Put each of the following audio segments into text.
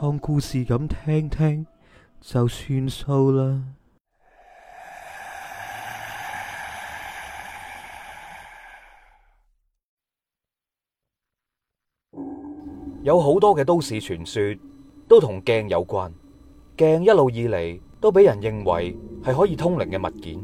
當故事咁聽聽就算數啦。有好多嘅都市傳說都同鏡有關，鏡一路以嚟都俾人認為係可以通靈嘅物件。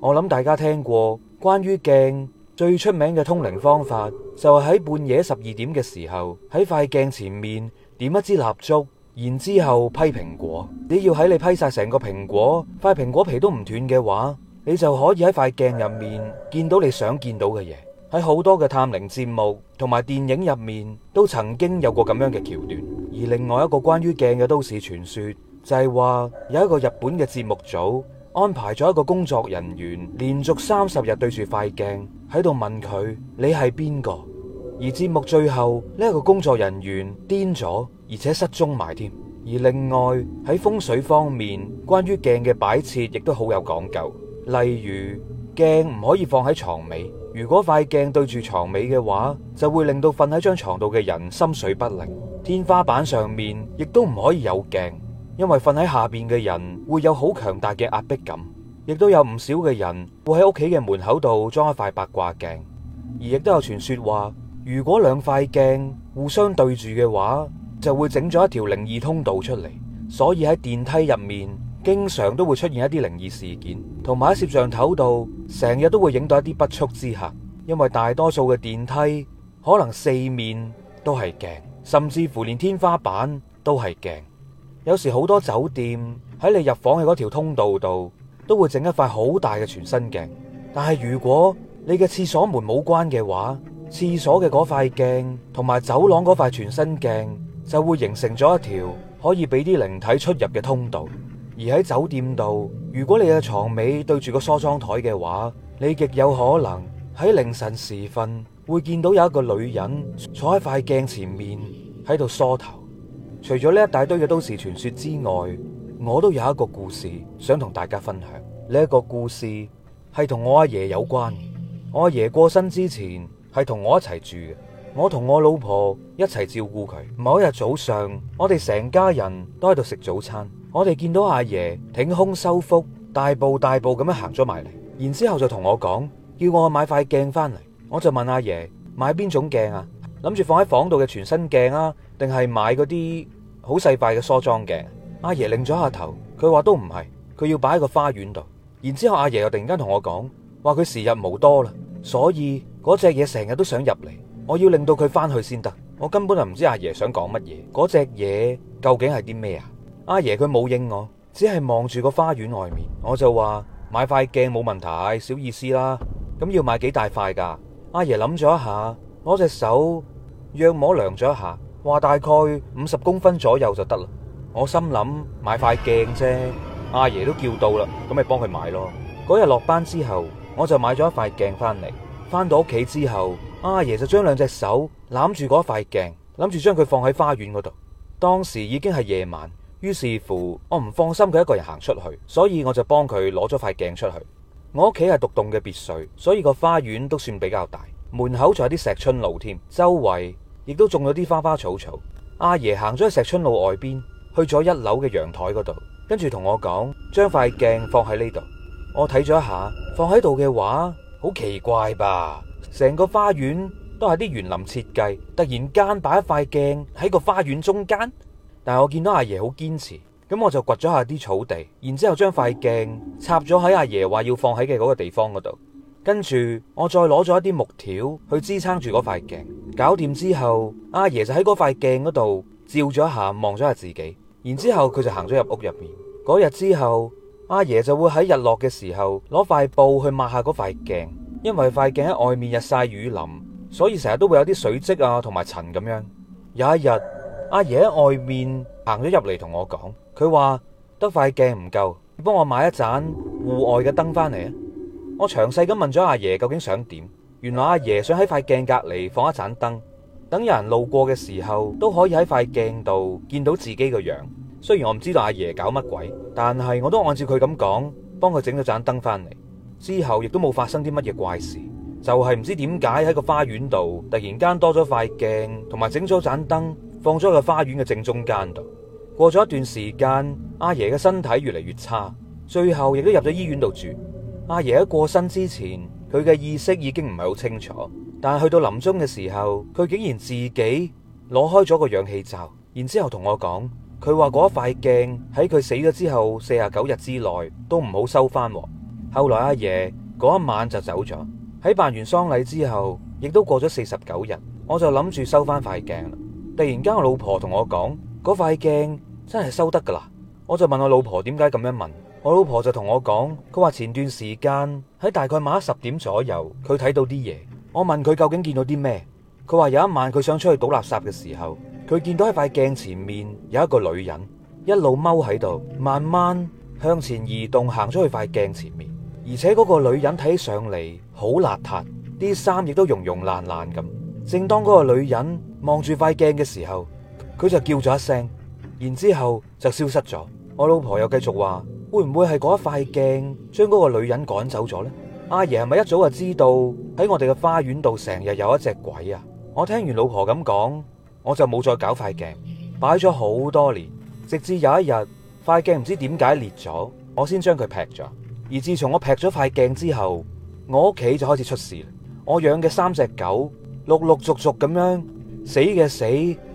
我諗大家聽過關於鏡最出名嘅通靈方法，就係喺半夜十二點嘅時候，喺塊鏡前面。點一支蠟燭，然之後批蘋果。你要喺你批晒成個蘋果塊，蘋果皮都唔斷嘅話，你就可以喺塊鏡入面見到你想見到嘅嘢。喺好 多嘅探靈節目同埋電影入面都曾經有過咁樣嘅橋段。而另外一個關於鏡嘅都市傳說就係話，有一個日本嘅節目組安排咗一個工作人員連續三十日對住塊鏡喺度問佢：你係邊個？而節目最後呢個工作人員癲咗，而且失蹤埋添。而另外喺風水方面，關於鏡嘅擺設亦都好有講究，例如鏡唔可以放喺床尾。如果塊鏡對住床尾嘅話，就會令到瞓喺張床度嘅人心水不寧。天花板上面亦都唔可以有鏡，因為瞓喺下邊嘅人會有好強大嘅壓迫感。亦都有唔少嘅人會喺屋企嘅門口度裝一塊八卦鏡，而亦都有傳説話，如果兩塊鏡互相對住嘅話，就會整咗一條靈異通道出嚟。所以喺電梯入面，經常都會出現一啲靈異事件，同埋喺攝像頭度成日都會影到一啲不速之客。因為大多數嘅電梯可能四面都係鏡，甚至乎連天花板都係鏡。有時好多酒店喺你入房嘅嗰條通道度都會整一塊好大嘅全身鏡。但係如果你嘅廁所門冇關嘅話，廁所嘅嗰塊鏡同埋走廊嗰塊全身鏡就會形成咗一條可以俾啲靈體出入嘅通道。而喺酒店度，如果你嘅床尾對住個梳妝台嘅話，你極有可能喺凌晨時分會見到有一個女人坐喺塊鏡前面喺度梳頭。除咗呢一大堆嘅都市傳說之外，我都有一個故事想同大家分享。呢一個故事係同我阿爺有關。我阿爺過身之前，係同我一齊住嘅，我同我老婆一齊照顧佢。某日早上，我哋成家人都喺度食早餐，我哋見到阿爺挺胸收腹，大步大步咁樣行咗埋嚟，然之後就同我講，叫我買塊鏡翻嚟。我就問阿爺買邊種鏡啊？諗住放喺房度嘅全身鏡啊，定係買嗰啲好細塊嘅梳妝鏡？阿爺擰咗下頭，佢話都唔係，佢要擺喺個花園度。然之後阿爺又突然間同我講，話佢時日冇多啦，所以。嗰隻嘢成日都想入嚟，我要令到佢翻去先得。我根本就唔知阿爺想講乜嘢。嗰隻嘢究竟係啲咩啊？阿爺佢冇應我，只係望住個花園外面。我就話買塊鏡冇問題，小意思啦。咁要買幾大塊噶？阿爺諗咗一下，攞隻手約莫量咗一下，話大概五十公分左右就得啦。我心諗買塊鏡啫，阿爺都叫到啦，咁咪幫佢買咯。嗰日落班之後，我就買咗一塊鏡翻嚟。返到屋企之後，阿爺就將兩隻手攬住嗰塊鏡，諗住將佢放喺花園嗰度。當時已經係夜晚，於是乎我唔放心佢一個人行出去，所以我就幫佢攞咗塊鏡出去。我屋企係獨棟嘅別墅，所以個花園都算比較大，門口仲有啲石春路添，周圍亦都種咗啲花花草草。阿爺行咗喺石春路外邊，去咗一樓嘅陽台嗰度，跟住同我講，將塊鏡放喺呢度。我睇咗一下，放喺度嘅話。好奇怪吧？成個花園都係啲園林設計，突然間擺一塊鏡喺個花園中間，但係我見到阿爺好堅持，咁我就掘咗下啲草地，然之後將塊鏡插咗喺阿爺話要放喺嘅嗰個地方嗰度，跟住我再攞咗一啲木條去支撐住嗰塊鏡，搞掂之後，阿爺就喺嗰塊鏡嗰度照咗一下，望咗下自己，然之後佢就行咗入屋入面。嗰日之後。阿爺就會喺日落嘅時候攞塊布去抹下嗰塊鏡，因為塊鏡喺外面日曬雨淋，所以成日都會有啲水漬啊同埋塵咁樣。有一日，阿爺喺外面行咗入嚟同我講，佢話得塊鏡唔夠，幫我買一盞戶外嘅燈翻嚟啊！我詳細咁問咗阿爺究竟想點，原來阿爺想喺塊鏡隔籬放一盞燈，等有人路過嘅時候都可以喺塊鏡度見到自己個樣。雖然我唔知道阿爺搞乜鬼，但係我都按照佢咁講，幫佢整咗盞燈翻嚟之後，亦都冇發生啲乜嘢怪事。就係唔知點解喺個花園度突然間多咗塊鏡，同埋整咗盞燈放咗喺個花園嘅正中間度。過咗一段時間，阿爺嘅身體越嚟越差，最後亦都入咗醫院度住。阿爺喺過身之前，佢嘅意識已經唔係好清楚，但係去到臨終嘅時候，佢竟然自己攞開咗個氧氣罩，然之後同我講。佢話嗰一塊鏡喺佢死咗之後四十九日之內都唔好收翻。後來阿爺嗰一晚就走咗。喺辦完喪禮之後，亦都過咗四十九日，我就諗住收翻塊鏡。突然間，我老婆同我講，嗰塊鏡真係收得噶啦。我就問我老婆點解咁樣問，我老婆就同我講，佢話前段時間喺大概晚黑十點左右，佢睇到啲嘢。我問佢究竟見到啲咩？佢話有一晚佢想出去倒垃圾嘅時候。佢見到喺塊鏡前面有一個女人，一路踎喺度，慢慢向前移動，行咗去塊鏡前面。而且嗰個女人睇起上嚟好邋遢，啲衫亦都融融爛爛咁。正當嗰個女人望住塊鏡嘅時候，佢就叫咗一聲，然之後就消失咗。我老婆又繼續話：會唔會係嗰一塊鏡將嗰個女人趕走咗呢？阿爺係咪一早就知道喺我哋嘅花園度成日有一隻鬼啊？我聽完老婆咁講。我就冇再搞塊鏡，擺咗好多年，直至有一日塊鏡唔知點解裂咗，我先將佢劈咗。而自從我劈咗塊鏡之後，我屋企就開始出事。我養嘅三隻狗陸陸續續咁樣死嘅死、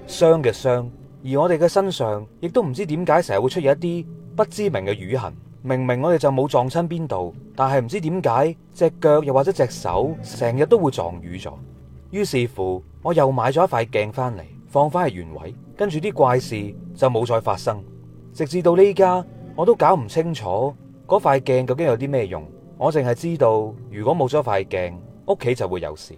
傷嘅傷，而我哋嘅身上亦都唔知點解成日會出現一啲不知名嘅瘀痕。明明我哋就冇撞親邊度，但係唔知點解隻腳又或者隻手成日都會撞瘀咗。於是乎，我又買咗一塊鏡返嚟。放翻係原位，跟住啲怪事就冇再發生，直至到呢家我都搞唔清楚嗰塊鏡究竟有啲咩用。我淨係知道，如果冇咗塊鏡，屋企就會有事。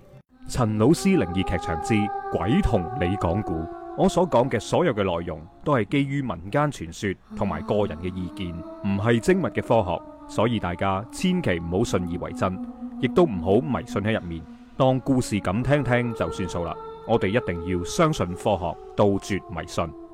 陳老師靈異劇場之鬼同你講古，我所講嘅所有嘅內容都係基於民間傳說同埋個人嘅意見，唔係精密嘅科學，所以大家千祈唔好信以為真，亦都唔好迷信喺入面，當故事咁聽聽就算數啦。我哋一定要相信科學，杜絕迷信。